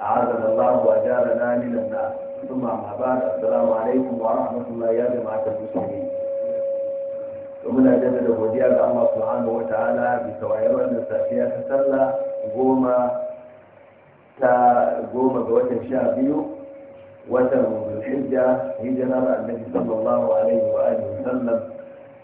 أعاذنا الله وأجارنا من النار ثم أما بعد السلام عليكم ورحمة الله يا جماعة المسلمين ومن أجل الوديع الله سبحانه وتعالى بتوائر المسافية تسلى قوم قوم بوجه شعبي وتم بالحجة هجنا النبي صلى الله عليه وآله وسلم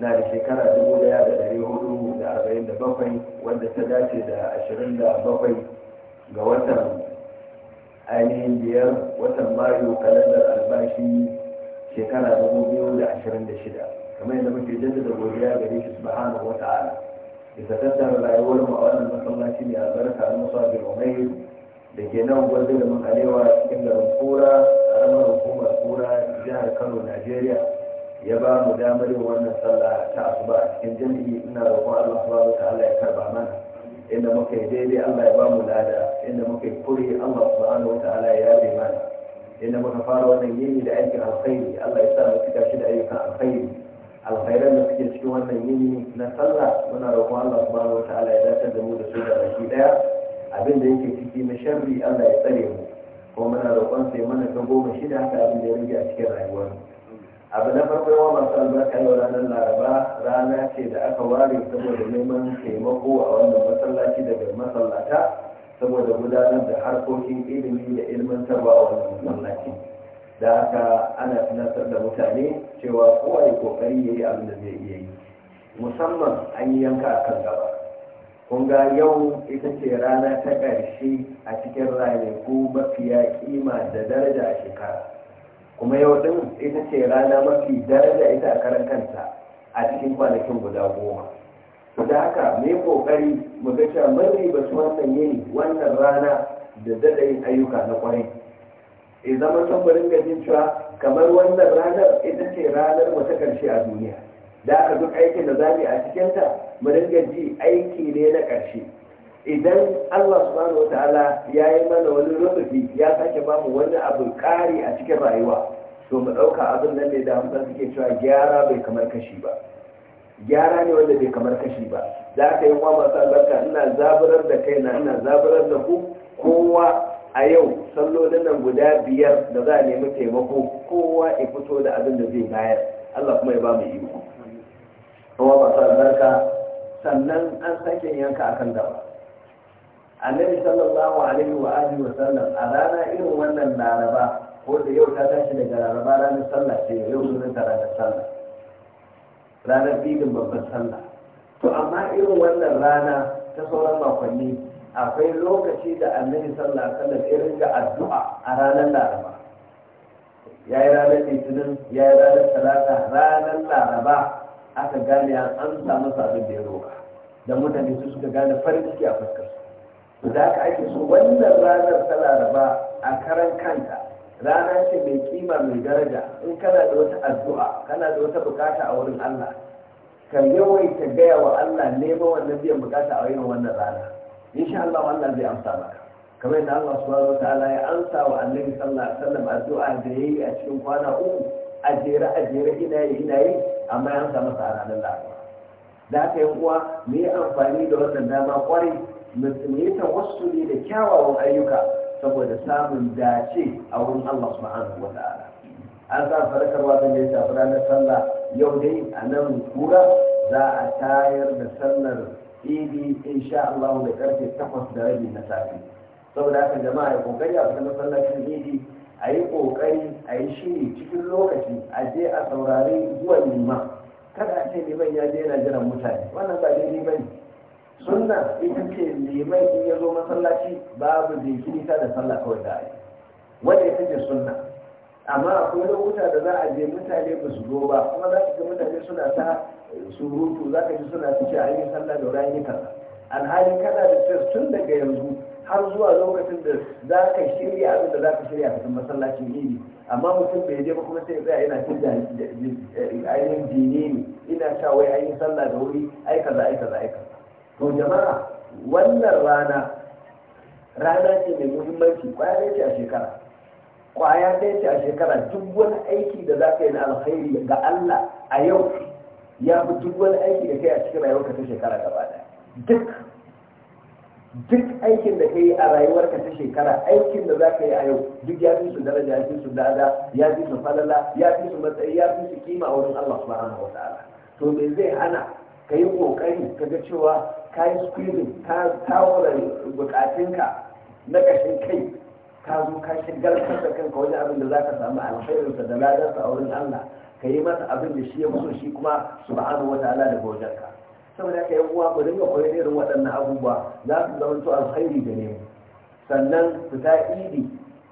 na da shekara dubu daya da dari hudu da arba'in da bakwai wadda ta dace da ashirin da bakwai ga watan ainihin biyar watan mayu kalandar albashi shekara dubu biyu da ashirin da shida kamar yadda muke jaddada godiya gare shi subhanahu wa ta'ala bisa tattara rayuwar mu a wannan masallaci ne albarka na musa bin umair da ke nan gwada da makalewa cikin garin kura karamar hukumar kura jihar kano najeriya ya ba mu damar yin wannan sallah ta asuba a cikin jami'i ina roƙon allah subhanahu wa ta'ala ya karba mana inda muka yi daidai Allah ya bamu lada inda muka yi kuri Allah subhanahu wata'ala ya yabe mana inda muka fara wannan yini da aikin alkhairi Allah ya sa mu cika shi da ayyukan alkhairi alkhairan da suke cikin wannan yini na sallah muna roƙon Allah subhanahu wata'ala ya dace da mu da su da baki daya abin da yake ciki na sharri Allah ya tsare mu kuma muna roƙon sai mana ta goma shida haka abin da ya rage a cikin rayuwarmu abu na farko yawan masu albarka yau ranar laraba rana ce da aka ware saboda neman taimako a wannan masallaci daga masallata saboda gudanar da harkokin ilimi da ilmantarwa a wannan masallaci da haka ana tunatar da mutane cewa kowa ya kokari ya yi abin da zai iya yi musamman an yi yanka a kan gaba kun ga yau ita ce rana ta ƙarshe a cikin ranaku mafiya kima da daraja a shekara kuma yau din ita ce rana mafi daraja ita a karan kanta a cikin kwanakin guda goma to da haka mai kokari mu ga cewa mai ba su wannan yini wannan rana da dada yin ayyuka na kwarai e zama san mu ringa jin cewa kamar wannan ranar ita ce ranar mu ta karshe a duniya da haka duk aikin da zamu yi a cikinta mu dinga ji aiki ne na karshe idan Allah subhanahu wataala ya yi mana wani lokaci ya sake ba mu wani abu kari a cikin rayuwa to mu ɗauka abin nan ne da hamsa suke cewa gyara bai kamar kashi ba gyara ne wanda bai kamar kashi ba za ka yi wa masu albarka ina zaburar da kaina ina zaburar da ku kowa a yau sallolin nan guda biyar da za a nemi taimako kowa ya fito da abin da zai bayar Allah kuma ya ba mu iko kowa masu albarka sannan an sake yanka akan gaba annabi sallallahu alaihi wa alihi wa sallam a rana irin wannan laraba ko da yau ta tashi daga laraba ranar sallah ce yau sunan ta ranar sallah ranar bidin babban sallah to amma irin wannan rana ta sauran makonni akwai lokaci da annabi sallallahu alaihi sallam ya ga addu'a a ranar laraba ya yi ranar litinin ya yi ranar talata ranar laraba aka gane an samu masa da ya roka da mutane su suka gane farin ciki a fuskarsu. za ka ake so wannan ranar ta laraba a karan kanta rana ce mai kima mai daraja in kana da wata addu'a kana da wata bukata a wurin Allah ka yawaita gaya wa Allah nema wannan biyan bukata a yin wannan rana insha Allah Allah zai amsa maka kamar yadda Allah subhanahu wataala ya amsa wa annabi sallallahu alaihi wasallam addu'a da yayi a cikin kwana uku a jere a jere ina yi ina yi amma ya amsa masa a ranar Laraba da haka yan uwa mu yi amfani da wannan dama kwarai mu wasu ne da kyawawan ayyuka saboda samun dace a wurin Allah subhanahu wa ta'ala an sa farkarwa zan yi shafi ranar sallah yau dai a nan kura za a tayar da sallar idi insha Allah da karfe takwas da rabi na safe saboda haka jama'a ya kokari a sallar sallar idi a yi kokari a yi shiri cikin lokaci a je a saurari zuwa liman kada a ce liman ya je yana jiran mutane wannan ba daidai bane sunna ita ce liman in ya zo masallaci babu jinkirita da sallah kawai da ai wanda ita ce sunna amma akwai lokuta da za a je mutane ba su zo ba kuma za ka ga mutane suna ta surutu za ka ji suna ta ce an yi sallah da yi kaza alhali kana da ce tun daga yanzu har zuwa lokacin da za ka shirya abin da za ka shirya cikin masallacin ne amma mutum bai je ba kuma sai tsaya yana cin da ainihin jini ne ina cewa wai an yi sallah da wuri ai kaza ai kaza ai kaza to jama'a wannan rana rana ce mai muhimmanci kwaya ce a shekara kwaya ɗaya ce a shekara duk wani aiki da za ka yi na alkhairi ga Allah a yau ya fi duk wani aiki da kai a cikin rayuwarka ta shekara gaba ɗaya duk duk aikin da ka yi a rayuwarka ta shekara aikin da za ka yi a yau duk ya fi su daraja ya fi su dada ya fi su falala ya fi su matsayi ya fi su kima a wurin Allah subhanahu wa ta'ala to me zai hana ka yi kokari ka ga cewa ka yi squeezing ka tawara bukatunka na ƙashin kai ka zo ka shigar da kanka wajen abin da za ka samu alkhairinsa da ladarsa a wurin Allah ka yi masa abin da shi ya so shi kuma su subhanahu wa ta'ala daga wajenka saboda ka yi uwa ku dinga koyar irin waɗannan abubuwa za su zama to alkhairi da ne sannan su idi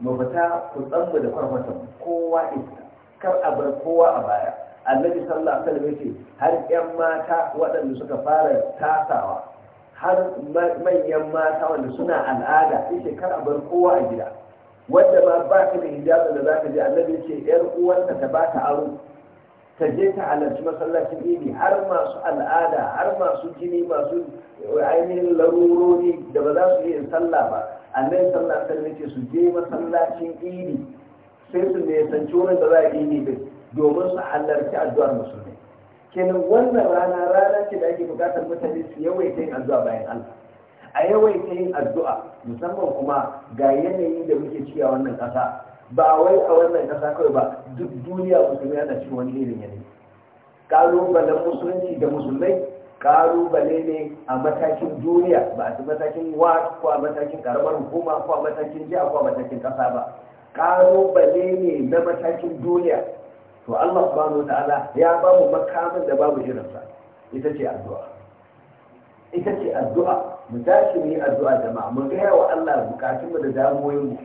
mu fita ku tsamba da kwarfatan kowa ita kar a bar kowa a baya annabi sallallahu alaihi wasallam ce har yan mata waɗanda suka fara tasawa har manyan mata wanda suna al'ada sai shekara bar kowa a gida wanda ma ba ka da hijabi da za ka je annabi ce yar uwarta ta ba ta aro ta je ta halarci masallacin idi har masu al'ada har masu jini masu ainihin larurori da ba za su iya sallah ba annabi sallallahu alaihi wasallam ce su je masallacin idi sai su ne sanci da za a idi din domin su halarci addu'ar musulmi kenan wannan rana rana ce da ake bukatar mutane su yawaita yin addu'a bayan Allah a yawaita yin addu'a musamman kuma ga yanayin da muke ci a wannan ƙasa ba wai a wannan ƙasa kawai ba duk duniya musulmi yana cikin wani irin yanayi ƙalubalen musulunci da musulmai ƙalubale ne a matakin duniya ba a matakin wa ko a matakin ƙaramar hukuma ko a matakin jiya ko a matakin ƙasa ba ƙalubale ne na matakin duniya to Allah subhanahu ta'ala ya ba mu makamin da babu irinsa ita ce addu'a ita ce addu'a mu tashi mu yi addu'a jama'a mu gaya wa Allah bukatun mu da damuwoyin mu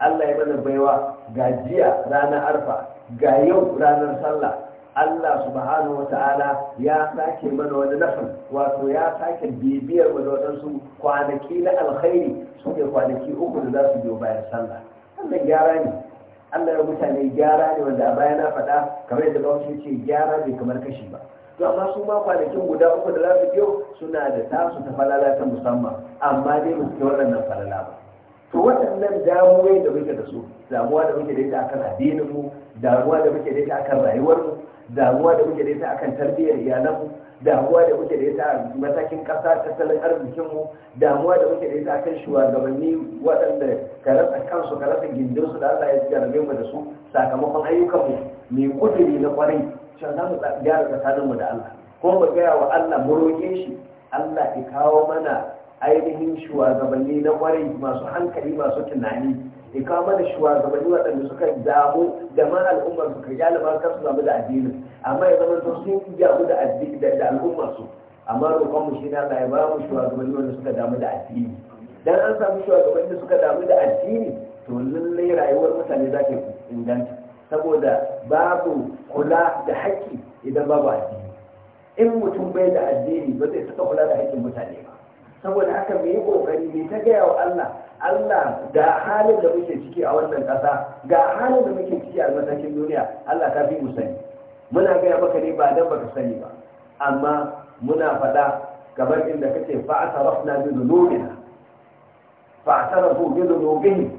Allah ya mana baiwa ga jiya ranar arfa ga yau ranar sallah Allah subhanahu ta'ala ya sake mana wani nafin wato ya sake bibiyar mu da waɗansu kwanaki na alkhairi suke kwanaki uku da za su biyo bayan sallah wannan gyara ne Allah ya mutane gyara ne wanda a baya na faɗa kamar yadda bawashi ce gyara bai kamar kashi ba to amma su ma kwanakin guda uku da za su biyo suna da tasu ta falala ta musamman amma dai ba su waɗannan falala ba to waɗannan damuwai da muke da su damuwa da muke da ita akan addininmu mu damuwa da muke da ita akan rayuwarmu mu damuwa da muke da ita akan tarbiyyar iyalanmu, damuwa da muke da ita a matakin ƙasa tattalin arzikin mu damuwa da muke da ita akan shugabanni waɗanda ka rasa kansu ka rasa da Allah ya jarabe mu da su sakamakon ayyukanmu, mai kudiri na kwarai cewa za mu gyara tsakaninmu mu da Allah kuma mu gaya wa Allah mu roƙe shi Allah ya kawo mana ainihin shugabanni na kwarai masu hankali masu tunani ya kawo mana shugabanni waɗanda suka damu da ma al'ummar su ka ma kar su damu da addinin amma ya zama to sun damu da addini da al'ummar su amma roƙon mu shi na ya ba mu shugabanni wanda suka damu da addini dan an samu shugabanni da suka damu da addini to lallai rayuwar mutane za ta inganta saboda babu kula da haƙƙi idan babu addini in mutum bai da addini ba zai saka kula da haƙƙin mutane ba saboda haka mai yi kokari mai ta gaya wa Allah Allah ga halin da muke ciki a wannan ƙasa ga halin da muke ciki a matakin duniya Allah ka fi mu sani muna gaya maka ne ba dan baka sani ba amma muna faɗa kamar inda kace fa asarafna bi dhunubina fa asarafu bi dhunubihim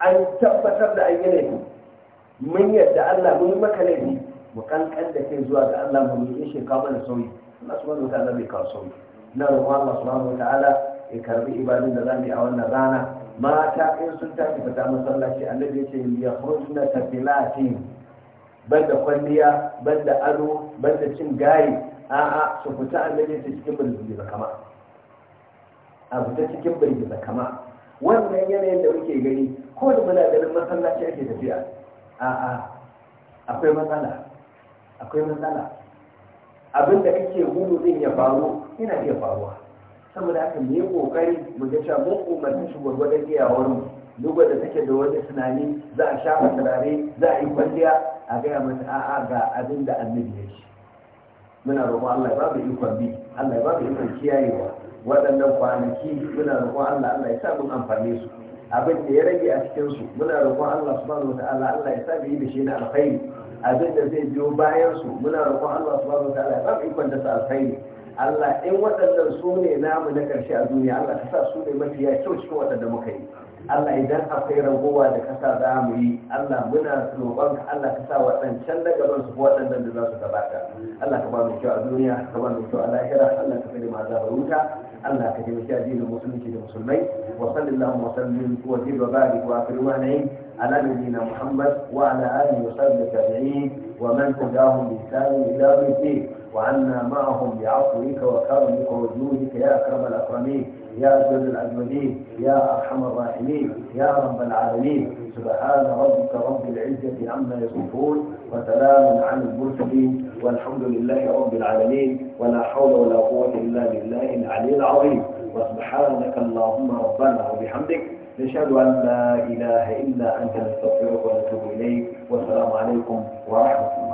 an tabbatar da an yi laifi mun yadda Allah mun maka laifi mu kankan da kai zuwa ga Allah mu yi shekaru da sauyi Allah subhanahu wa ta'ala bai kawo sauyi na roƙon Allah subhanahu ta'ala ya karbi ibadun da zamu yi a wannan rana mata in sun tafi fita masallaci annabi ya ce ya hurna tafilati banda kwalliya banda ado banda cin gayi a'a su fita annabi ya cikin cikin da kama a fita cikin da kama wannan yanayin da muke gani ko da muna ganin masallaci ake tafiya a'a akwai matsala akwai matsala abinda kake gudu din ya faru yana iya faruwa saboda haka mu yi kokari mu ga cewa mun umarci shi gwargwadon iyawar mu duk wanda take da wani tunani za a sha mata turare za a yi kwalliya a gaya mata a'a ga abin da annabi ya ce muna roƙon Allah ya ba mu ikon bi Allah ya ba mu ikon kiyayewa waɗannan kwanaki muna roƙon Allah Allah ya sa mun amfane su abin da ya rage a cikin su muna roƙon Allah subhanahu wataala Allah ya sa mu yi da shi na alkhairi abin da zai biyo bayan su muna roƙon Allah subhanahu wataala ya ba mu ikon da su alkhairi Allah in waɗannan su ne namu na ƙarshe a duniya Allah ka sa su ne mafiya kyau cikin waɗanda muka yi Allah idan akwai ragowa da kasa za mu yi Allah muna roƙon ka Allah ka sa waɗancan gaban su waɗannan da za su gabata Allah ka ba mu kyau a duniya ka ba mu kyau a lahira Allah ka fadi ma azabar wuta Allah ka taimaki addinin musulunci da musulmai wa sallallahu wa sallim wa zid wa barik wa akrimani ala Muhammad wa ala alihi wa sahbihi tabi'in wa man tabi'ahum bi ihsan ila yawm وعنا معهم بعفوك وكرمك وجودك يا أكرم الأكرمين يا أجود الأجودين يا أرحم الراحمين يا رب العالمين سبحان ربك رب العزة عما يصفون وسلام عن المرسلين والحمد لله رب العالمين ولا حول ولا قوة إلا بالله العلي العظيم وسبحانك اللهم ربنا وبحمدك نشهد أن لا إله إلا أنت نستغفرك ونتوب إليك والسلام عليكم ورحمة الله